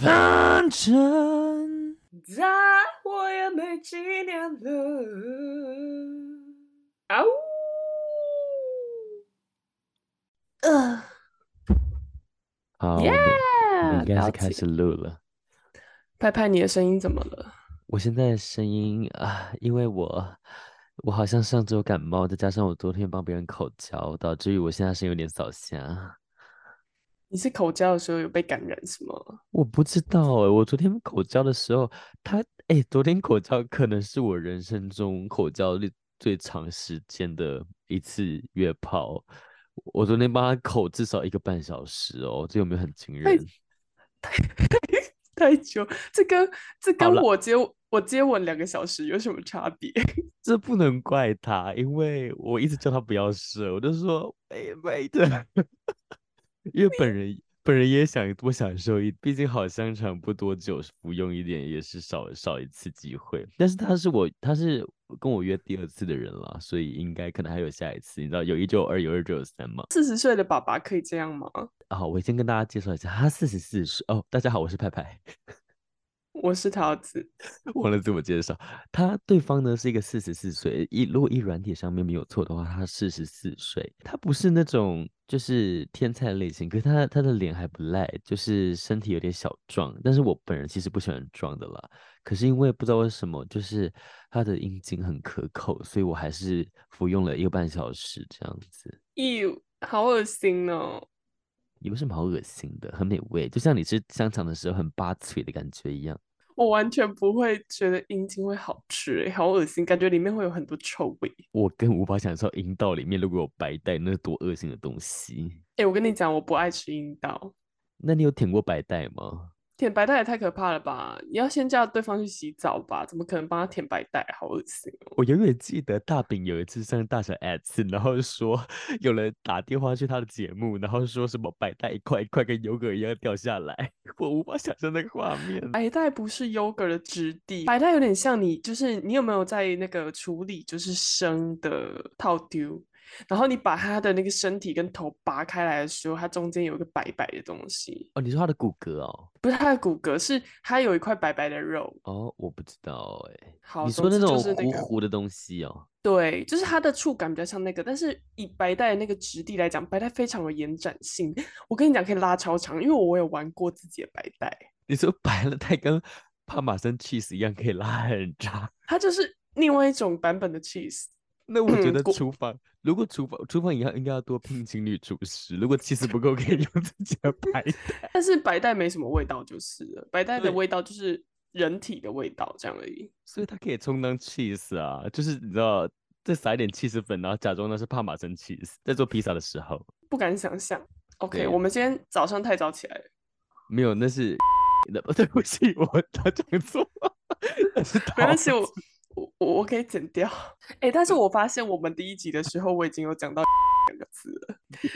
反正再活也沒幾年了。啊嗚！呃，好，yeah, 應該是開始錄了，了。拍拍你的聲音怎麼了？我現在聲音啊，因為我我好像上週，感冒，再加上我昨天幫別人口交，導致於我現在聲音有點掃霞、啊。你是口交的時候有被感染是嗎？我不知道，我昨天口交的時候，他哎、欸，昨天口交可能是我人生中口交最最長時間的一次約炮。我昨天幫他口至少一個半小時哦，這有沒有很驚人？太太太，太久，這跟這跟我接我接吻兩個小時有什麼差別？這不能怪他，因為我一直叫他不要射，我就說沒的。哎哎對 因為本人本人也想多享受一，畢竟好香腸不多久服用一點也是少少一次機會。但是他是我，他是跟我約第二次的人了，所以應該可能還有下一次。你知道有一就有二，有二就有三嘛。四十歲的爸爸可以這樣嗎？啊好，我先跟大家介紹一下，他四十四歲哦。大家好，我是派派。我是桃子，忘了自我介紹。他對方呢是一個四十四歲，一如果一軟體上面沒有錯的話，他四十四歲。他不是那種就是天菜類型，可是他他的臉還不賴，就是身體有點小壯。但是我本人其實不喜歡壯的啦。可是因為不知道為什麼，就是他的陰莖很可口，所以我還是服用了一個半小時這樣子。咦，好噁心哦。也不是蠻好惡心的，很美味，就像你吃香腸的時候很巴嘴的感覺一樣。我完全不會覺得陰莖會好吃、欸，哎，好惡心，感覺裡面會有很多臭味。我更無法想象陰道裡面如果有白帶，那多惡心的東西。哎、欸，我跟你講，我不愛吃陰道。那你有舔過白帶嗎？舔白帶也太可怕了吧！你要先叫對方去洗澡吧，怎麼可能幫他舔白帶？好噁心、哦！我永遠記得大炳有一次上大小 S，然後說有人打電話去他的節目，然後說什麼白帶一塊一塊跟優格一樣掉下來，我無法想象那個畫面。白帶不是優格的質地，白帶有點像你，就是你有沒有在那個處理就是生的套丟？然後你把它的那個身體跟頭拔開來的時候，它中間有一個白白的東西。哦，你說它的骨骼哦？不是它的骨骼，是它有一塊白白的肉。哦，我不知道哎、欸。好，你說那種就是糊糊的東西哦？就是那個、對，就是它的觸感比較像那個，但是以白帶的那個質地來講，白帶非常有延展性。我跟你講，可以拉超長，因為我我有玩過自己的白帶。你說白了帶跟帕瑪森 cheese 一樣，可以拉很長？它就是另外一種版本的 cheese。那我覺得廚房， 果如果廚房廚房以後應該要多聘請女廚師。如果起司不夠 可以用自己的白帶，但是白帶沒什麼味道就是了，白帶的味道就是人體的味道這樣而已。所以它可以充當起司啊，就是你知道，再撒一點起司粉，然後假裝那是帕瑪森起司在做披薩的時候。不敢想象。OK，我們今天早上太早起來了。沒有，那是，對不起，我他講錯。但 是沒關我，我可以剪掉，哎、欸，但是我發現我們第一集的時候，我已經有講到兩個詞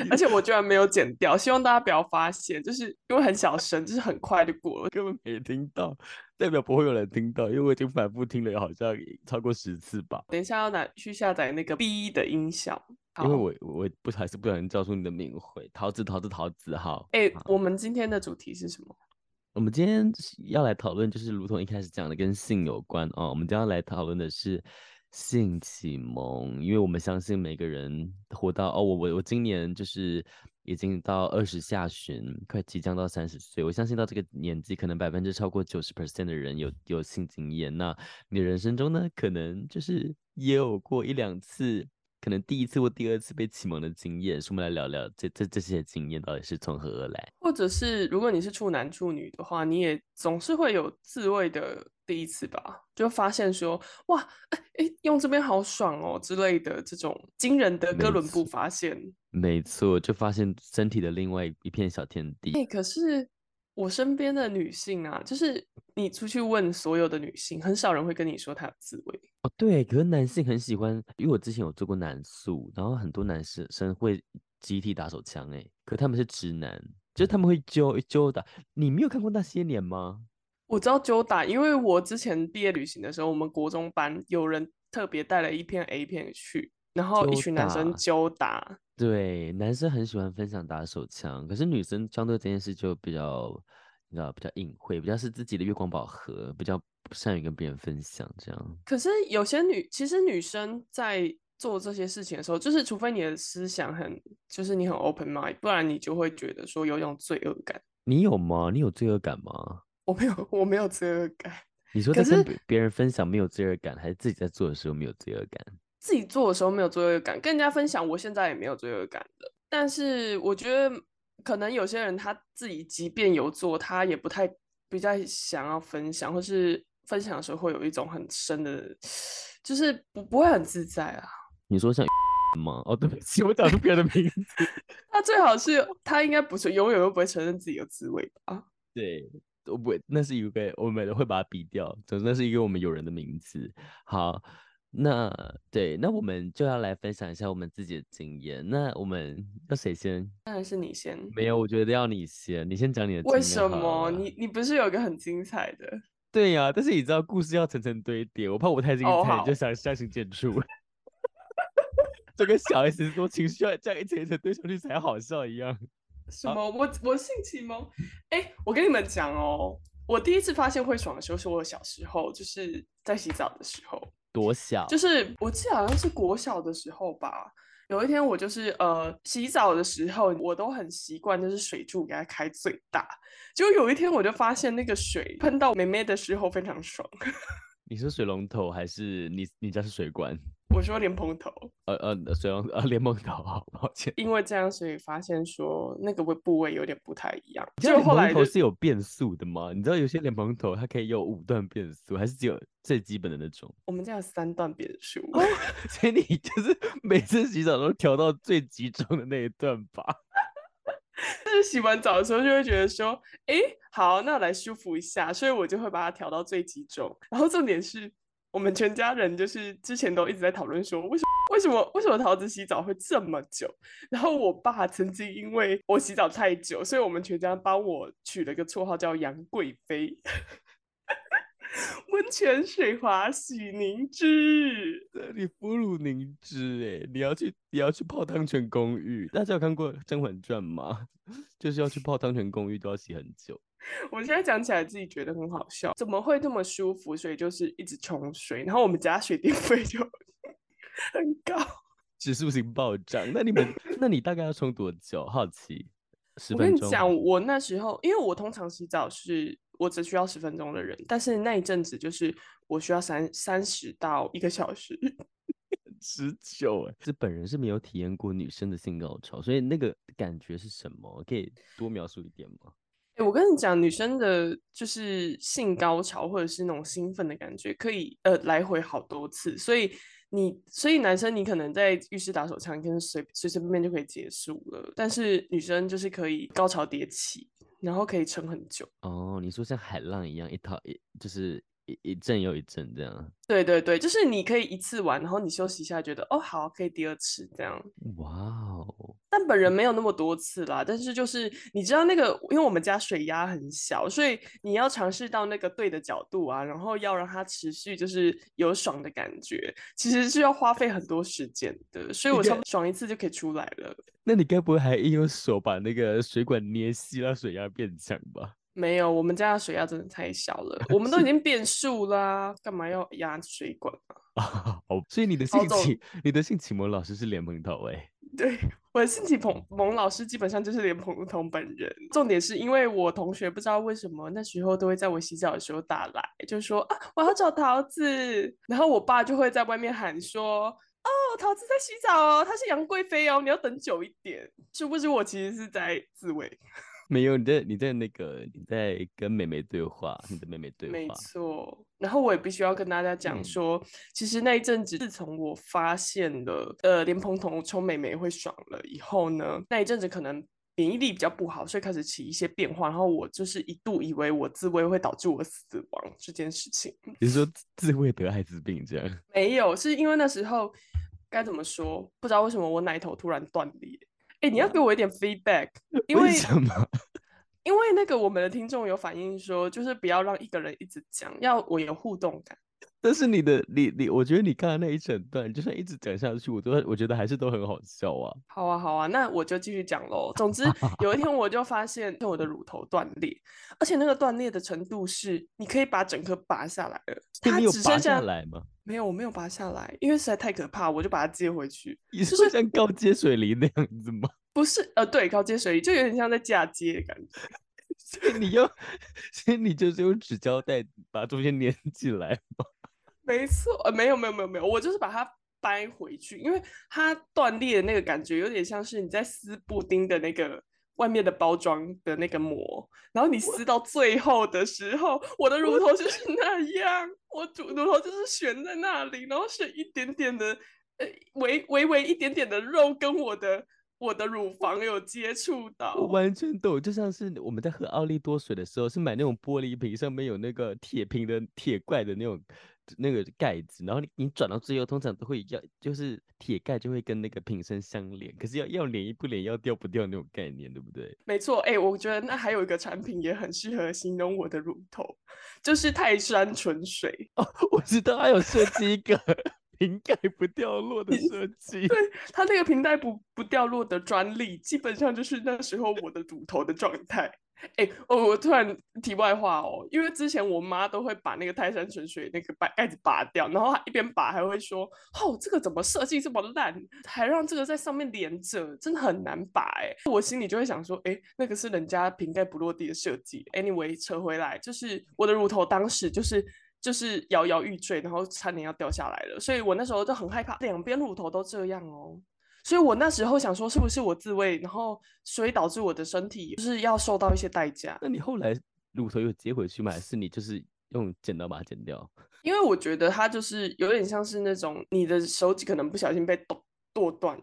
了，而且我居然沒有剪掉，希望大家不要發現，就是因為很小聲，就是很快就過了， 根本沒聽到，代表不會有人聽到，因為我已經反覆聽了好像超過十次吧。等一下要拿去下載那個 B 的音效，好。因為我我不我還是不小心叫出你的名諱。桃子桃子桃子，子好。哎、欸，我們今天的主題是什麼？我們今天要來討論，就是如同一開始講的，跟性有關啊、哦，我們今天要來討論的是性啟蒙，因為我們相信每個人活到哦，我我我今年就是已經到二十下旬，快即將到三十歲。我相信到這個年紀，可能百分之超過九十 percent 的人有有性經驗。那你的人生中呢，可能就是也有過一兩次，可能第一次或第二次被啟蒙的經驗，是我們來聊聊這這這些經驗到底是從何而來？或者是如果你是處男處女的話，你也總是會有自慰的第一次吧？就發現說，哇，哎、欸，用這邊好爽哦、喔、之類的這種驚人的哥倫布發現，沒錯，就發現身體的另外一片小天地。哎、欸，可是。我身邊的女性啊，就是你出去問所有的女性，很少人會跟你說她有自慰哦。對，可是男性很喜歡，因為我之前有做過男宿，然後很多男生生會集體打手槍，哎，可他們是直男，就是他們會揪揪打。你沒有看過那些年嗎？我知道揪打，因為我之前畢業旅行的時候，我們國中班有人特別帶了一片 A 片去，然後一群男生揪打。對，男生很喜歡分享打手槍，可是女生相對這件事就比較你知道比較隱晦，比較是自己的月光寶盒，比較不善於跟別人分享這樣。可是有些女，其實女生在做這些事情的時候，就是除非你的思想很，就是你很 open mind，不然你就會覺得說有一種罪惡感。你有嗎？你有罪惡感嗎？我沒有，我沒有罪惡感。你說，他跟別人分享沒有罪惡感，還是自己在做的時候沒有罪惡感？自己做的時候沒有罪惡感，跟人家分享，我現在也沒有罪惡感的。但是我覺得，可能有些人他自己即便有做，他也不太比較想要分享，或是分享的時候會有一種很深的，就是不不會很自在啊。你說像什麼？哦，對不起，我講出別人的名字。 他最好是，他應該不是永遠都不會承認自己有滋味吧？對，都不會，那是一個我們都會把它比掉，總之，那是一個我們友人的名字。好。那對，那我們就要來分享一下我們自己的經驗。那我們要誰先？當然是你先。沒有，我覺得要你先，你先講你的經驗。為什麼？你你不是有一個很精彩的？對呀、啊，但是你知道，故事要層層堆疊，我怕我太精彩，oh, 就想相形見絀。 就跟小孩子說情緒要這樣一層一層堆上去才好笑一樣。什麼？啊、我我性啟蒙？哎、 欸，我跟你們講哦，我第一次發現會爽的時候，是我小時候，就是在洗澡的時候。國小就是，我記得好像是國小的時候吧。有一天我就是呃洗澡的時候，我都很習慣就是水柱給它開最大。結果有一天我就發現那個水噴到妹妹的時候非常爽。你是水龍頭還是你你家是水管？我說蓮蓬頭，呃、啊、呃，所以呃蓮蓬頭，好抱歉。因為這樣，所以發現說那個位部位有點不太一樣。就蓬頭是有變速的嗎的？你知道有些蓮蓬頭它可以有五段變速，還是只有最基本的那種？我們這樣有三段變速。哦，所以你就是每次洗澡都調到最集中的那一段吧。 就是洗完澡的時候就會覺得說，哎，好，那我來舒服一下，所以我就會把它調到最集中。然後重點是。我們全家人就是之前都一直在討論說為，為什麼為什麼為什麼桃子洗澡會這麼久？然後我爸曾經因為我洗澡太久，所以我們全家幫我取了一個綽號叫楊貴妃。溫 泉水滑洗凝脂，你俘虜凝脂，欸、你要去你要去泡湯泉公寓？大家有看過《甄嬛傳》嗎？就是要去泡湯泉公寓都要洗很久。我現在講起來自己覺得很好笑，怎麼會這麼舒服？所以就是一直沖水，然後我們家水電費就很高，指數型暴漲。那你們， 那你大概要沖多久？好奇，十分鐘。我跟你講，我那時候，因為我通常洗澡是，我只需要十分鐘的人，但是那一陣子就是我需要三三十到一個小時，持久哎。是本人是沒有體驗過女生的性高潮，所以那個感覺是什麼？可以多描述一點嗎？我跟你講，女生的就是性高潮或者是那種興奮的感覺，可以呃來回好多次。所以你，所以男生你可能在浴室打手槍跟、跟能隨隨隨便便就可以結束了。但是女生就是可以高潮迭起，然後可以撐很久。哦、oh，你說像海浪一樣，一套一就是。一一陣又一陣這樣，對對對，就是你可以一次玩，然後你休息一下，覺得哦，好可以第二次這樣。哇、wow、哦！但本人沒有那麼多次啦，但是就是你知道那個，因為我們家水壓很小，所以你要嘗試到那個對的角度啊，然後要讓它持續就是有爽的感覺，其實是要花費很多時間的。所以我差不多爽一次就可以出來了。那你該不會還用手把那個水管捏細，讓水壓變強吧？沒有，我們家的水壓真的太小了。我們都已經變數啦、啊， 幹嘛要壓水管、啊 哦、所以你的性啟，你的性啟蒙老師是蓮蓬頭哎、欸。對，我的性啟蒙 蒙老師基本上就是蓮蓬頭本人。重點是因為我同學不知道為什麼那時候都會在我洗澡的時候打來，就說，啊我要找桃子，然後我爸就會在外面喊說，哦桃子在洗澡哦，她是楊貴妃哦，你要等久一點。殊不知我其實是在自慰。沒有，你在你在那個你在跟妹妹對話，你的妹妹對話。沒錯，然後我也必須要跟大家講說，嗯、其實那一陣子，自從我發現了呃蓮蓬頭沖妹妹會爽了以後呢，那一陣子可能免疫力比較不好，所以開始起一些變化。然後我就是一度以為我自慰會導致我死亡這件事情。你是說自慰得艾滋病這樣？沒有，是因為那時候該怎麼說，不知道為什麼我奶頭突然斷裂。哎、欸，你要給我一點 feedback，啊、因為，為什麼？因為那個我們的聽眾有反映說，就是不要讓一個人一直講，要我有互動感。但是你的，你你，我覺得你剛剛那一整段，就算一直講下去，我都我覺得還是都很好笑啊。好啊，好啊，那我就繼續講嘍。總之， 有一天我就發現 我的乳頭斷裂，而且那個斷裂的程度是，你可以把整顆拔下來了，你有拔下來嗎？它只剩下來嗎？沒有，我沒有拔下來，因為實在太可怕，我就把它接回去。你是像高接水梨那樣子嗎？不是，呃，對，高接水梨就有點像在嫁接的感覺。 所以你用，所以你就是用紙膠帶把中間粘起來嗎？沒錯，呃，沒有，沒有，沒有，沒有，我就是把它掰回去，因為它斷裂的那個感覺有點像是你在撕布丁的那個。外面的包裝的那個膜，然後你撕到最後的時候，我，我的乳頭就是那樣，我乳頭就是懸在那裡，然後是一點點的，呃，微微微一點點的肉跟我的我的乳房有接觸到。我完全懂，就像是我們在喝奧利多水的時候，是買那種玻璃瓶，上面有那個鐵瓶的鐵罐的那種。那個蓋子，然後你你轉到最後，通常都會要就是鐵蓋就會跟那個瓶身相連，可是要要連一不連，要掉不掉那種概念，對不對？沒錯，哎、欸，我覺得那還有一個產品也很適合形容我的乳頭，就是泰山純水。哦，我知道還有設計一個。 瓶蓋不掉落的設計， 對他那個瓶蓋不不掉落的專利，基本上就是那時候我的乳頭的狀態。哎、欸，我、哦、我突然題外話哦，因為之前我媽都會把那個泰山純水那個白蓋子拔掉，然後她一邊拔還會說：“哦，這個怎麼設計這麼爛，還讓這個在上面連着，真的很難拔、欸。”我心裡就會想說：“哎、欸，那個是人家瓶蓋不落地的設計。” anyway，扯回來就是我的乳頭當時就是。就是搖搖欲墜，然後差點要掉下來了，所以我那時候就很害怕，兩邊乳頭都這樣哦，所以我那時候想說，是不是我自慰，然後所以導致我的身體就是要受到一些代價？那你後來乳頭又接回去嗎？還是你就是用剪刀把它剪掉？因為我覺得它就是有點像是那種你的手指可能不小心被剁剁斷，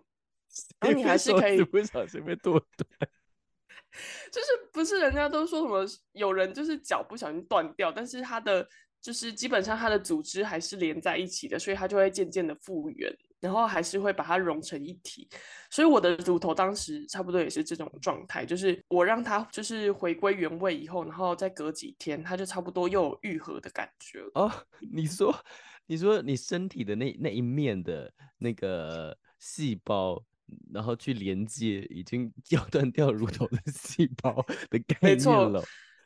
那你還是可以不小心被剁斷， 就是不是人家都說什麼有人就是腳不小心斷掉，但是他的。就是基本上它的組織還是連在一起的，所以它就會漸漸的復原，然後還是會把它融成一體。所以我的乳頭當時差不多也是這種狀態，就是我讓它就是回歸原位以後，然後再隔幾天，它就差不多又有癒合的感覺了。哦，你說，你說你身體的那那一面的那個細胞，然後去連接已經要斷掉乳頭的細胞的概念了。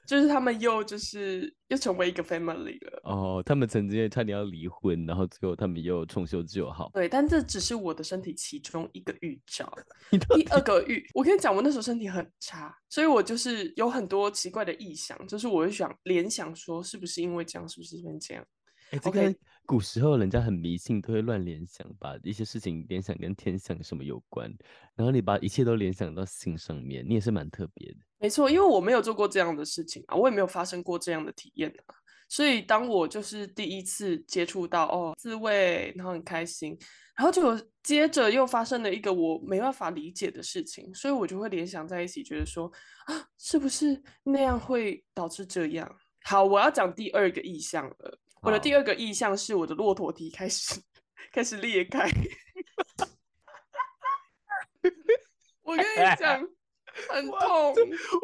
就是他們又就是又成為一個 family 了哦，oh, 他們曾經差點要離婚，然後最後他們又重修舊好。對，但這只是我的身體其中一個預兆， 第二個預，我跟你講，我那時候身體很差，所以我就是有很多奇怪的臆想，就是我就想聯想說，是不是因為這樣，是不是因為這樣、欸、？OK。 古時候人家很迷信，都會亂聯想，把一些事情聯想跟天象什麼有關，然後你把一切都聯想到性上面，你也是蠻特別的。沒錯，因為我沒有做過這樣的事情啊，我也沒有發生過這樣的體驗啊，所以當我就是第一次接觸到哦自慰，然後很開心，然後就接着又發生了一個我沒辦法理解的事情，所以我就會聯想在一起，覺得說啊，是不是那樣會導致這樣？好，我要講第二個意象了。我的第二個印象是我的駱駝蹄開始、oh. 開始開始裂開， 我跟你講， 很痛，我，的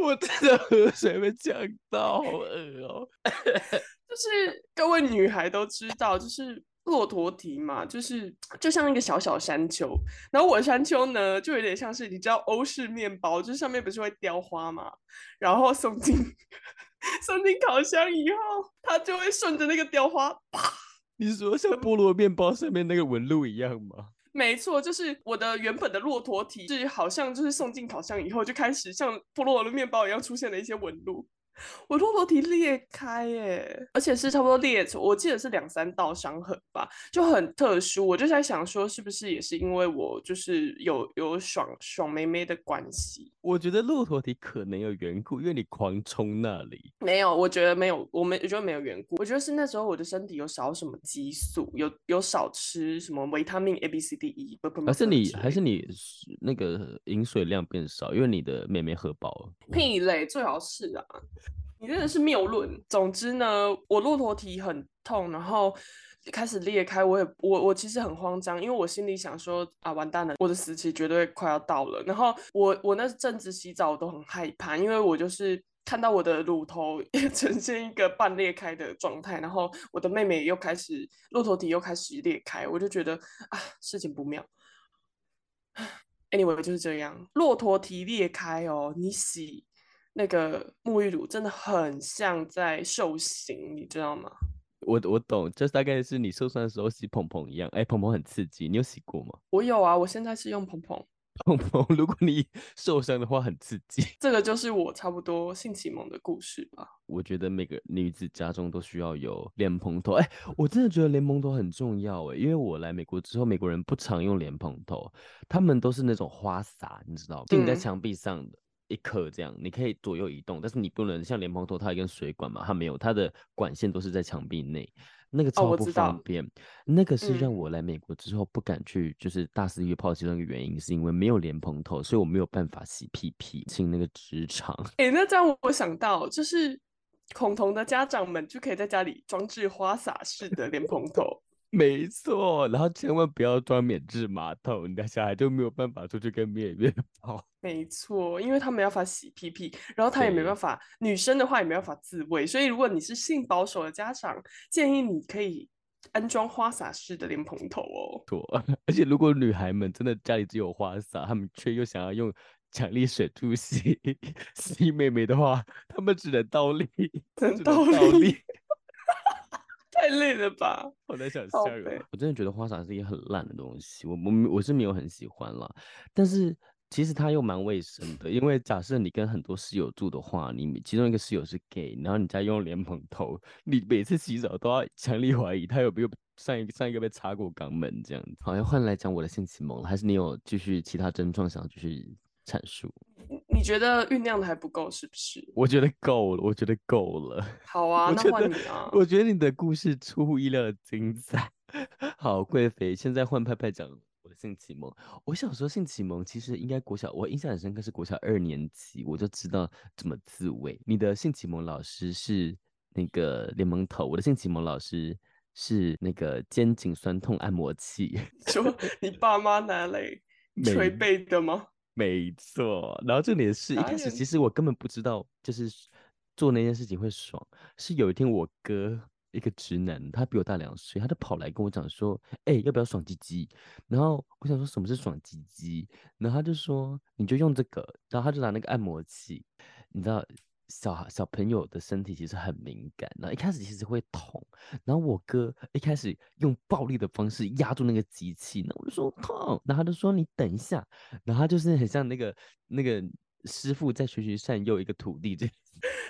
我真的喝水被嗆到，好噁哦、喔！ 就是各位女孩都知道，就是駱駝蹄嘛，就是就像一個小小山丘，然後我的山丘呢，就有點像是你知道歐式麵包，就是上面不是會雕花嘛，然後送進。緊。 送進烤箱以後，它就會順着那個雕花啪。你是說像菠蘿麵包上面那個紋路一樣嗎？ 沒錯，就是我的原本的駱駝體質，好像就是送進烤箱以後，就開始像菠蘿的麵包一樣出現了一些紋路。我駱駝蹄裂開耶，而且是差不多裂，我記得是兩三道傷痕吧，就很特殊。我就在想說，是不是也是因為我就是有有爽爽妹妹的關係？我覺得駱駝蹄可能有緣故，因為你狂衝那裡。沒有，我覺得沒有，我沒我覺得沒有緣故。我覺得是那時候我的身體有少什麼激素，有有少吃什麼維他命 A、B、C、D、E。不是你，還是你那個飲水量變少，因為你的妹妹喝飽了。屁嘞，最好是啊。你真的是謬論。總之呢，我駱駝蹄很痛，然後開始裂開。我也我我其實很慌張，因爲我心裡想說啊，完蛋了，我的死期絕對快要到了。然後我我那陣子洗澡我都很害怕，因爲我就是看到我的乳頭也呈現一個半裂開的狀態，然後我的妹妹又開始駱駝蹄又開始裂開，我就覺得啊，事情不妙。Anyway，就是這樣，駱駝蹄裂開哦，你洗。那個沐浴乳真的很像在受刑，你知道嗎？我我懂，這、就是、大概是你受傷的時候洗蓬蓬一樣。哎，蓬蓬很刺激，你有洗過嗎？我有啊，我現在是用蓬蓬，蓬蓬，如果你受傷的話，很刺激。這個就是我差不多性啟蒙的故事吧。我覺得每個女子家中都需要有蓮蓬頭。哎，我真的覺得蓮蓬頭很重要哎，因為我來美國之後，美國人不常用蓮蓬頭，他們都是那種花灑，你知道，釘在牆壁上的。嗯一刻這樣，你可以左右移動，但是你不能像蓮蓬頭，它有一根水管嘛，它沒有，它的管線都是在牆壁內，那個超不方便。哦、我知道。那個是讓我來美國之後不敢去、嗯、就是大肆約炮其中的一個原因，是因為沒有蓮蓬頭，所以我沒有辦法洗屁屁，清那個直腸。誒、欸，那這樣我想到，就是恐同的家長們就可以在家裡裝置花灑式的蓮蓬頭。 沒錯，然後千萬不要裝免治馬桶，你的小孩就沒有辦法出去跟妹妹跑。沒錯，因為他沒有法洗屁屁，然後他也沒辦法，女生的話也沒辦法自慰，所以如果你是性保守的家長，建議你可以安裝花灑式的蓮蓬頭哦。對，而且如果女孩們真的家裡只有花灑，她們卻又想要用強力水柱洗妹妹的話，她們只能倒立，只能倒立。 太累了吧，我在想笑了，oh, okay. 我真的覺得花灑是一個很爛的東西，我我我是沒有很喜歡啦。但是其實它又蠻衛生的，因為假設你跟很多室友住的話，你其中一個室友是 gay，然後你再用蓮蓬頭，你每次洗澡都要強烈懷疑他有沒有上一上一個被插過肛門這樣子。好像換來講我的性啟蒙，還是你有繼續其他症狀想繼續？闡述，你覺得醞釀的還不夠，是不是？我覺得夠了，我覺得夠了。好啊， 我覺得那換你啊。我覺得你的故事出乎意料的精彩。好，貴妃，現在換派派講我的性啟蒙。我想說，性啟蒙其實應該國小，我印象很深刻，是國小二年級我就知道怎麼自慰。你的性啟蒙老師是那個蓮蓬頭，我的性啟蒙老師是那個肩頸酸痛按摩器。 說你爸媽拿來捶背的嗎？沒錯，然後重點是一開始其實我根本不知道，就是做那件事情會爽。是有一天我哥一個直男，他比我大兩歲，他就跑來跟我講說：“哎、欸，要不要爽唧唧？”然後我想說什麼是爽唧唧？然後他就說：“你就用這個。”然後他就拿那個按摩器，你知道。小小朋友的身體其實很敏感，然後一開始其實會痛，然後我哥一開始用暴力的方式壓住那個機器，呢，我就說痛，然後他就說你等一下，然後他就是很像那個那個師傅在循循善誘，一個徒弟這樣，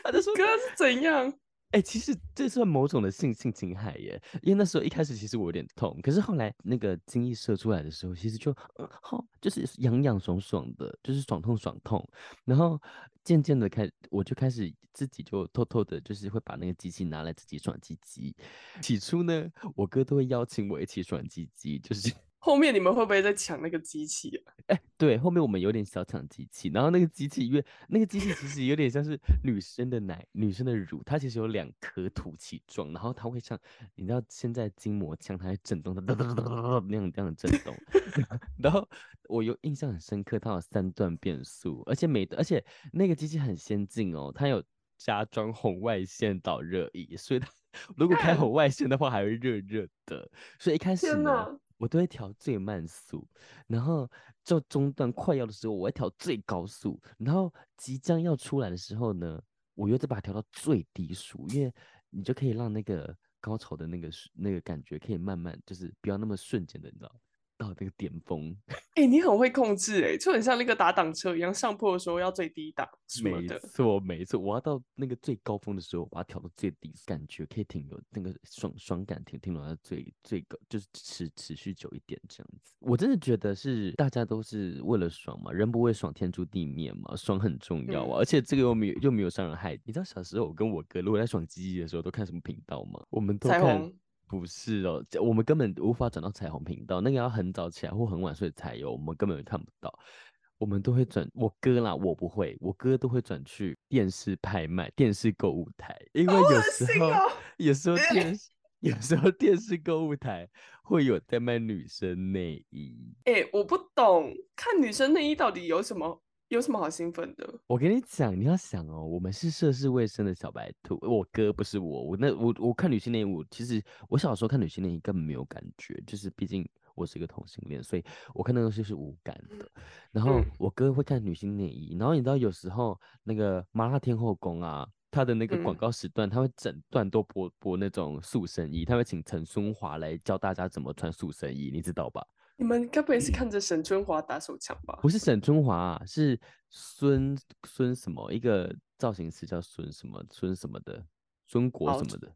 他就說 哥是怎樣？ 哎、欸，其實這算某種的性性侵害耶，因為那時候一開始其實我有點痛，可是後來那個精液射出來的時候，其實就，嗯，好、哦，就是癢癢爽爽的，就是爽痛爽痛，然後漸漸的開始，我就開始自己就偷偷的，就是會把那個機器拿來自己爽雞雞，起初呢，我哥都會邀請我一起爽雞雞，就是。 後面你們會不會在搶那個機器啊？哎、欸，對，後面我們有點小搶機器，然後那個機器因為那個機器其實有點像是女生的奶， 女生的乳，它其實有兩顆凸起狀，然後它會像你知道現在筋膜槍，它會震動，噠噠噠噠噠噠噠那種這樣的震動。 然後我有印象很深刻，它有三段變速，而且每而且那個機器很先進哦，它有加裝紅外線導熱儀，所以它如果開紅外線的話還會熱熱的。 所以一開始呢。天哪。我都會調最慢速，然後就中段快要的時候，我會調最高速，然後即將要出來的時候呢，我又再把它調到最低速，因為你就可以讓那個高潮的那個那個感覺可以慢慢，就是不要那麼瞬間的，你知道嗎？到那個巔峰，哎，你很會控制哎、欸，就很像那個打擋車一樣，上坡的時候要最低檔的，沒錯，沒錯，我要到那個最高峰的時候，我要調到最低，感覺可以挺有那個爽爽感，挺有挺有到最最高，就是持持續久一點這樣子。我真的覺得是大家都是為了爽嘛，人不為爽天誅地滅嘛，爽很重要啊，嗯、而且這個又沒又沒有傷人害。你知道小時候我跟我哥如果在爽雞雞的時候都看什麼頻道嗎？我們都看。不是哦，我們根本無法轉到彩虹頻道，那個要很早起來或很晚睡才有，我們根本就看不到。我們都會轉，我哥啦，我不會，我哥都會轉去電視拍賣、電視購物台，因為有時候，哦、有時候電， 有時候電視購物台會有在賣女生內衣。哎、欸，我不懂，看女生內衣到底有什麼？有什麼好興奮的？我跟你講，你要想哦，我們是涉世未深的小白兔。我哥不是我，我那我我看女性內衣，我其實我小時候看女性內衣根本沒有感覺，就是畢竟我是一個同性戀，所以我看那東西是無感的。然後我哥會看女性內衣，然後你知道有時候那個麻辣天後宮啊，他的那個廣告時段，他會整段都播播那種塑身衣，他會請陳松華來教大家怎麼穿塑身衣，你知道吧？你們該不會是看着沈春華打手槍吧？ 不是沈春華、啊，是孫孫什麼一個造型師叫孫什麼孫什麼的孫國什麼的，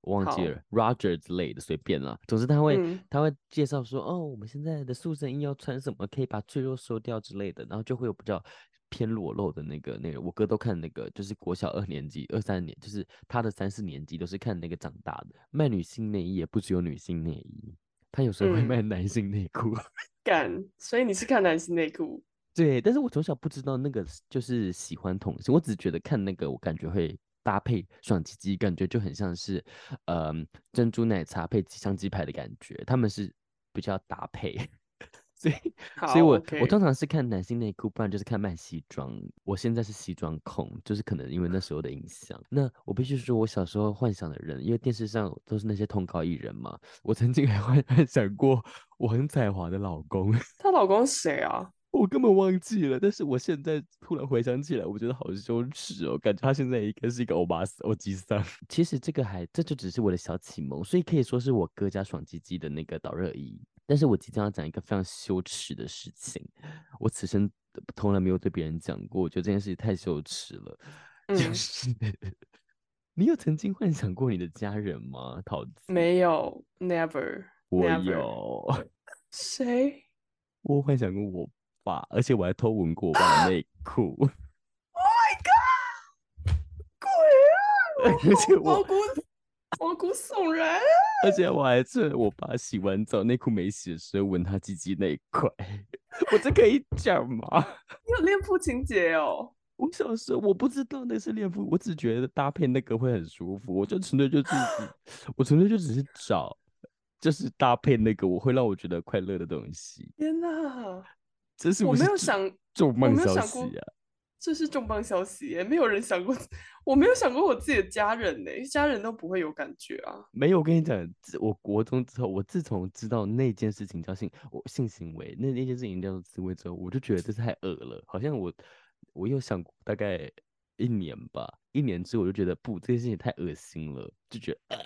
我忘記了，Roger 之類的隨便啦。總之他會、嗯、他會介紹說哦，我們現在的塑身衣要穿什麼，可以把贅肉收掉之類的，然後就會有比較偏裸露的那個那個，我哥都看那個，就是國小二年級二三年，就是他的三四年級都是看那個長大的。賣女性內衣也不只有女性內衣。他有時候會賣男性內褲、嗯，幹， 所以你是看男性內褲？ 對，但是我從小不知道那個就是喜歡同性，我只覺得看那個我感覺會搭配爽唧唧，感覺就很像是，嗯、呃，珍珠奶茶配香雞排的感覺，他們是比較搭配。對， 所以我、okay、我通常是看男性內褲，不然就是看賣西裝。我現在是西裝控，就是可能因為那時候的影響。那我必須說，我小時候幻想的人，因為電視上都是那些通告藝人嘛，我曾經還幻想過王彩樺的老公。她老公是誰啊？我根本忘記了。但是我現在突然回想起來，我覺得好羞恥哦，感覺她現在應該是一個歐巴桑歐吉桑。 其實這個還這就只是我的小啟蒙，所以可以說是我哥家爽唧唧的那個導熱儀。但是我即將要講一個非常羞恥的事情，我此生從來沒有對別人講過，我覺得這件事情太羞恥了。嗯。就是， 你有曾經幻想過你的家人嗎，陶子？沒有，never。我有。誰？我幻想過我爸，而且我還偷聞過我爸的內褲。啊。Oh my God！鬼啊！我 我且我。 毛骨悚然，而且我還趁我爸洗完澡內褲沒洗的時候聞他雞雞那一塊， 我這可以講嗎？你有戀父情節哦。我小時候我不知道那是戀父，我只覺得搭配那個會很舒服，我就純粹就自己， 我純粹就只是找，就是搭配那個我會讓我覺得快樂的東西。天哪，真是，不是我沒有想做夢的消息、啊。我這是重磅消息耶！沒有人想過，我沒有想過我自己的家人耶，家人都不會有感覺啊。沒有，我跟你講，我國中之後，我自從知道那件事情叫性，我性行為那那件事情叫做自慰之後，我就覺得這是太惡了，好像我我有想過大概。一年吧，一年之後我就覺得不，這件事情也太噁心了，就覺得、呃，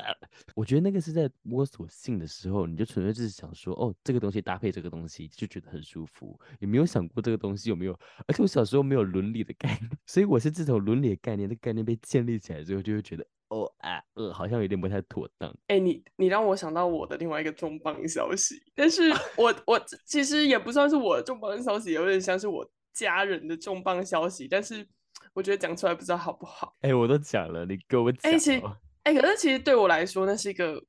我覺得那個是在摸索性的時候，你就純粹就是想說，哦，這個東西搭配這個東西就覺得很舒服，也沒有想過這個東西有沒有。而且我小時候沒有倫理的概念，所以我是自從倫理的概念的概念被建立起來之後，就會覺得，哦呃，呃，好像有點不太妥當。哎、欸，你你讓我想到我的另外一個重磅消息，但是我 我其實也不算是我的重磅消息，有點像是我家人的重磅消息，但是。我覺得講出來不知道好不好。哎、欸，我都講了，你給我講。哎、欸，其實、欸，可是其實對我來說，那是一個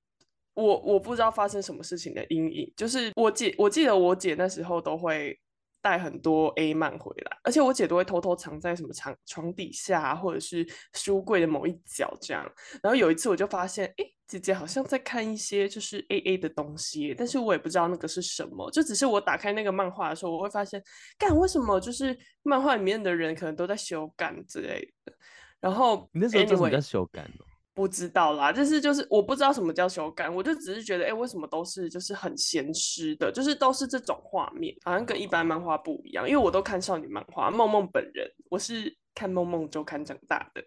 我我不知道發生什麼事情的陰影。就是我姐，我記得我姐那時候都會帶很多 A 漫回來，而且我姐都會偷偷藏在什麼床床底下，或者是書櫃的某一角這樣。然後有一次我就發現，哎、欸。姐姐好像在看一些就是 A A 的東西，但是我也不知道那個是什麼。就只是我打開那個漫畫的時候，我會發現，幹，為什麼就是漫畫裡面的人可能都在修改之類的。然後你那時候就是在修改、哦 anyway, 不知道啦，就是就是我不知道什麼叫修改，我就只是覺得，哎、欸，為什麼都是就是很鹹濕的，就是都是這種畫面，好像跟一般漫畫不一樣、哦。因為我都看少女漫畫，夢夢本人，我是看夢夢周刊長大的。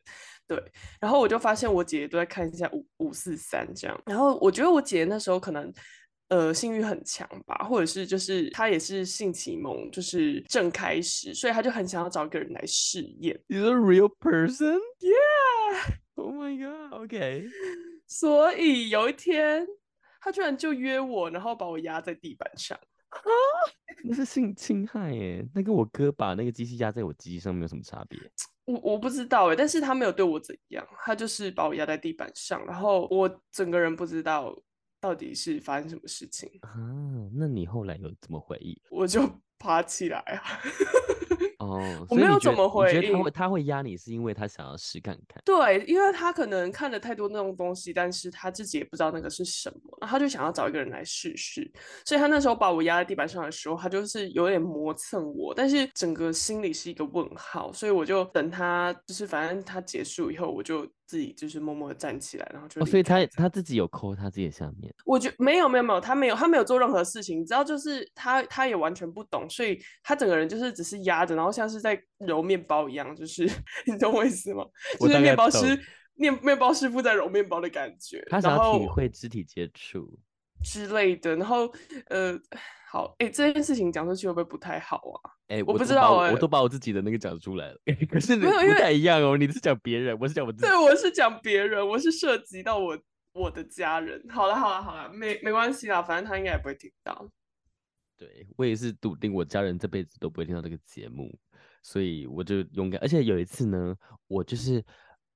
對，然後我就發現我姐姐都在看一下五五四三這樣，然後我覺得我姐姐那時候可能，呃，性慾很強吧，或者是就是她也是性啟蒙，就是正開始，所以她就很想要找一個人來試驗。Is a real person? Yeah. Oh my god. Okay. 所以有一天，她居然就約我，然後把我壓在地板上。啊，那是性侵害耶！那跟我哥把那個機器壓在我機上，沒有什麼差別。我我不知道哎，但是他沒有對我怎樣，他就是把我壓在地板上，然後我整個人不知道到底是發生什麼事情啊？那你後來有怎麼回憶？我就爬起來啊。 哦，我沒有怎麼回應。他他會壓你，是因為他想要試看看。對，因為他可能看了太多那種東西，但是他自己也不知道那個是什麼，他就想要找一個人來試試。所以他那時候把我壓在地板上的時候，他就是有點磨蹭我，但是整個心裡是一個問號。所以我就等他，就是反正他結束以後，我就。自己就是默默的站起來，然後就、哦，所以他他自己有摳他自己的下面，我覺得沒有沒有沒有，他沒有他沒有做任何事情，你知道就是他他也完全不懂，所以他整個人就是只是壓着，然後像是在揉麵包一樣，就是你懂我意思嗎？就是麵包師面麵包師傅在揉麵包的感覺。他想體會肢體接觸之類的，然後呃。好，哎、欸，這件事情講出去會不會不太好啊？哎、欸，我不知道，哎、欸，我都把我自己的那個講出來了，哎， 可是沒有，不太一樣哦。你是講別人，我是講我自己，對，我是講別人，我是涉及到我我的家人。好了，好了，好了，沒沒關係啦，反正他應該也不會聽到。對，我也是篤定，我家人這輩子都不會聽到這個節目，所以我就勇敢。而且有一次呢，我就是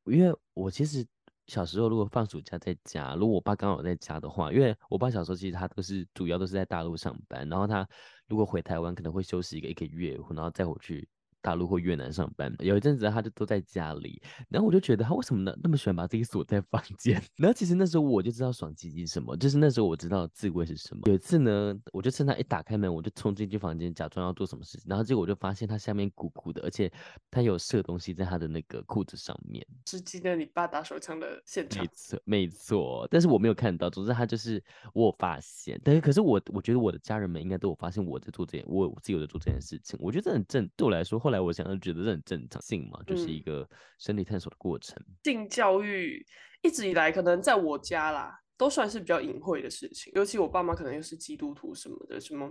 因為我其實。小時候如果放暑假在家，如果我爸剛好在家的話，因為我爸小時候其實他都是主要都是在大陸上班，然後他如果回台灣可能會休息一個一個月，然後再回去。大陸或越南上班，有一陣子他就都在家裡，然後我就覺得他、啊、為什麼呢那麼喜歡把自己鎖在房間？然後其實那時候我就知道爽唧唧什麼，就是那時候我知道自慰是什麼。有一次呢，我就趁他一打開門，我就衝進去房間，假裝要做什麼事情，然後結果我就發現他下面鼓鼓的，而且他有射東西在他的那個褲子上面，是記得你爸打手槍的現場，沒錯沒錯，但是我沒有看到，總之他就是我有發現，但是可是我我覺得我的家人們應該都有發現我在做這件，我自己有在做這件事情，我覺得這很正，對我來說後來。我想要覺得這很正常，性嘛，就是一個生理探索的過程。嗯，性教育一直以來，可能在我家啦，都算是比較隱晦的事情，尤其我爸媽可能又是基督徒什麼的。什麼，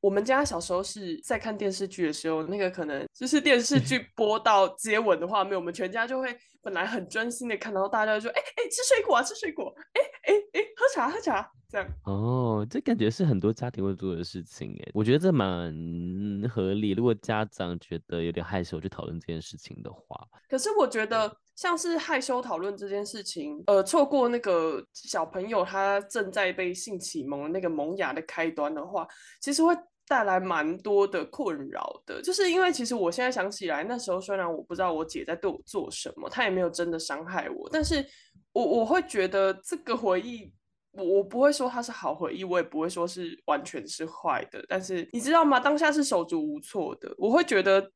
我們家小時候是在看電視劇的時候，那個可能就是電視劇播到接吻的畫面，我們全家就會本來很專心的看，然後大家就說：“哎、欸、哎、欸，吃水果啊，吃水果！哎哎哎，喝茶喝茶！”這樣。哦，這感覺是很多家庭會做的事情耶，我覺得這蠻合理。如果家長覺得有點害羞去討論這件事情的話，可是我覺得。像是害羞討論這件事情，呃，錯過那個小朋友他正在被性啟蒙的那個萌芽的開端的話，其實會帶來蠻多的困擾的。就是因為其實我現在想起來，那時候雖然我不知道我姐在對我做什麼，她也沒有真的傷害我，但是我我會覺得這個回憶，我我不會說它是好回憶，我也不會說是完全是壞的。但是你知道嗎？當下是手足無措的，我會覺得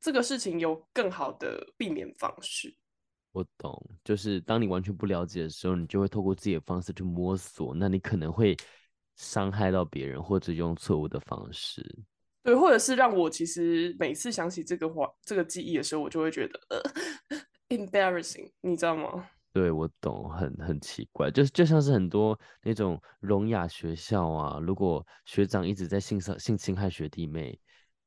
這個事情有更好的避免方式。我懂，就是當你完全不了解的時候，你就會透過自己的方式去摸索，那你可能會傷害到別人，或者用錯誤的方式。對，或者是讓我其實每次想起這個話、這個記憶的時候，我就會覺得，呃，embarrassing，你知道嗎？對，我懂，很很奇怪，就是就像是很多那種聾啞學校啊，如果學長一直在性上性侵害學弟妹，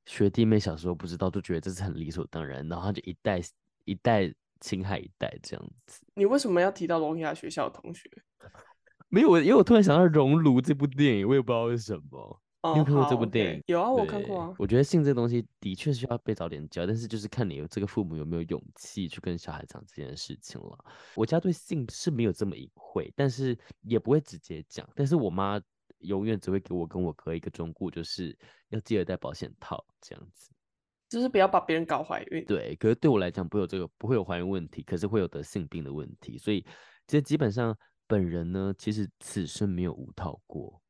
學弟妹小時候不知道，都覺得這是很理所當然，然後他就一代一代。青海一帶這樣子，你為什麼要提到聾啞學校的同學？ 沒有，因為我突然想到《熔爐》這部電影，我也不知道為什麼，因、oh, 你有看過這部電影、oh, okay.，有啊，我看過啊。我覺得性這個東西的確需要被早點教，但是就是看你有這個父母有沒有勇氣去跟小孩講這件事情了。我家對性是沒有這麼隱晦，但是也不會直接講。但是我媽永遠只會給我跟我哥一個忠告，就是要記得戴保險套這樣子。就是不要把別人搞懷孕。對，可是對我來講，不會有這個，不會有懷孕問題，可是會有得性病的問題。所以，其實基本上本人呢，其實此生沒有無套過。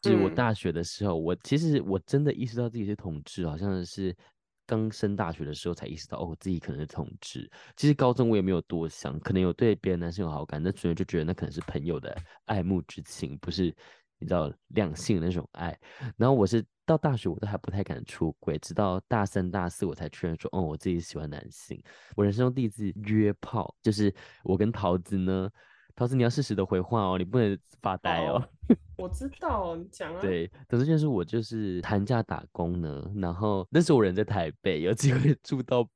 其實，嗯，我大學的時候，我其實我真的意識到自己是同志，好像是剛升大學的時候才意識到，哦，自己可能是同志。其實高中我也沒有多想，可能有對別的男生有好感，那主要就覺得那可能是朋友的愛慕之情，不是你知道兩性的那種愛。然後我是。到大學我都還不太敢出軌，直到大三大四我才確認說，哦，我自己喜歡男性。我人生中第一次約炮，就是我跟桃子呢。桃子，你要適時的回話哦，你不能發呆哦。哦，我知道，你講啊。 對，總之就是我就是寒假打工呢，然後那時候我人在台北，有機會住到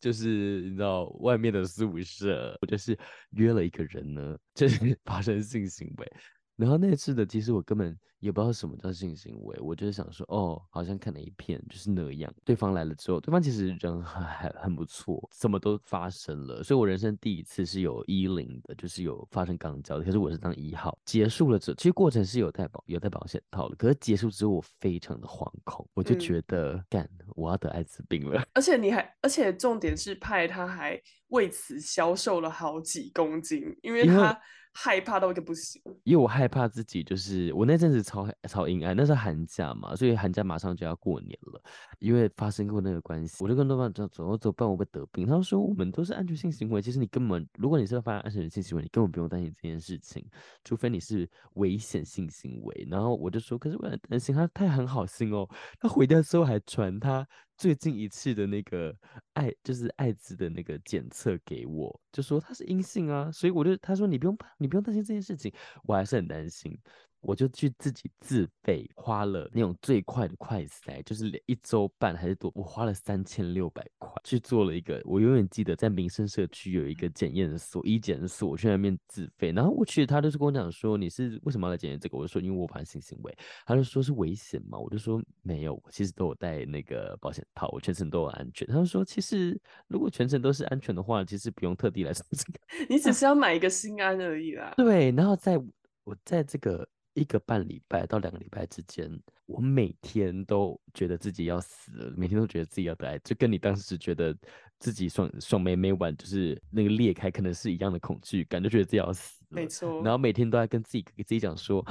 就是你知道外面的宿舍，我就是約了一個人呢，就是發生性行為。然後那次的，其實我根本也不知道什麼叫性行為，我就是想說，哦，好像看了一片就是那樣。對方來了之後，對方其實人很、嗯、還很不錯，什麼都發生了。所以我人生第一次是有一零的，就是有發生肛交的，可是我是當一號。結束了之後，其實過程是有戴保、有戴保險套的，可是結束之後我非常的惶恐，我就覺得、嗯、干，我要得艾滋病了。而且你還，而且重點是派他還為此消瘦了好幾公斤，因為他。嗯害怕到一個不行，因為我害怕自己，就是我那陣子超超陰暗，那是寒假嘛，所以寒假馬上就要過年了，因為發生過那個關係，我就跟對方走走走，不然我會得病。他說，我們都是安全性行為，其實你根本，如果你是發生安全性行為，你根本不用擔心這件事情，除非你是危險性行為。然後我就說，可是我很擔心。他他也很好心哦，他回家之後還傳他。最近一次的那個艾就是艾滋的那個檢測給我，就說他是陰性啊，所以我就他說你不用怕，你不用擔心這件事情，我還是很擔心。我就去自己自費花了那種最快的快篩，就是一一周半還是多，我花了三千六百塊去做了一個。我永遠記得在民生社區有一個檢驗所，醫檢所我去那邊自費。然後我去，他都是跟我講說你是為什麼要來檢驗這個？我就說因為我盤性行，行為。他就說是危險嘛？我就說沒有，我其實都有帶那個保險套，我全程都有安全。他就說其實如果全程都是安全的話，其實不用特地來做這個， 你只是要買一個心安而已啦、啊。 對，然後在我在這個。一個半禮拜到兩個禮拜之間，我每天都覺得自己要死了，每天都覺得自己要得癌，就跟你當時覺得自己爽爽沒沒完，就是那個裂開，可能是一樣的恐懼感，就覺得自己要死了。沒錯。然後每天都在跟自己跟自己講說，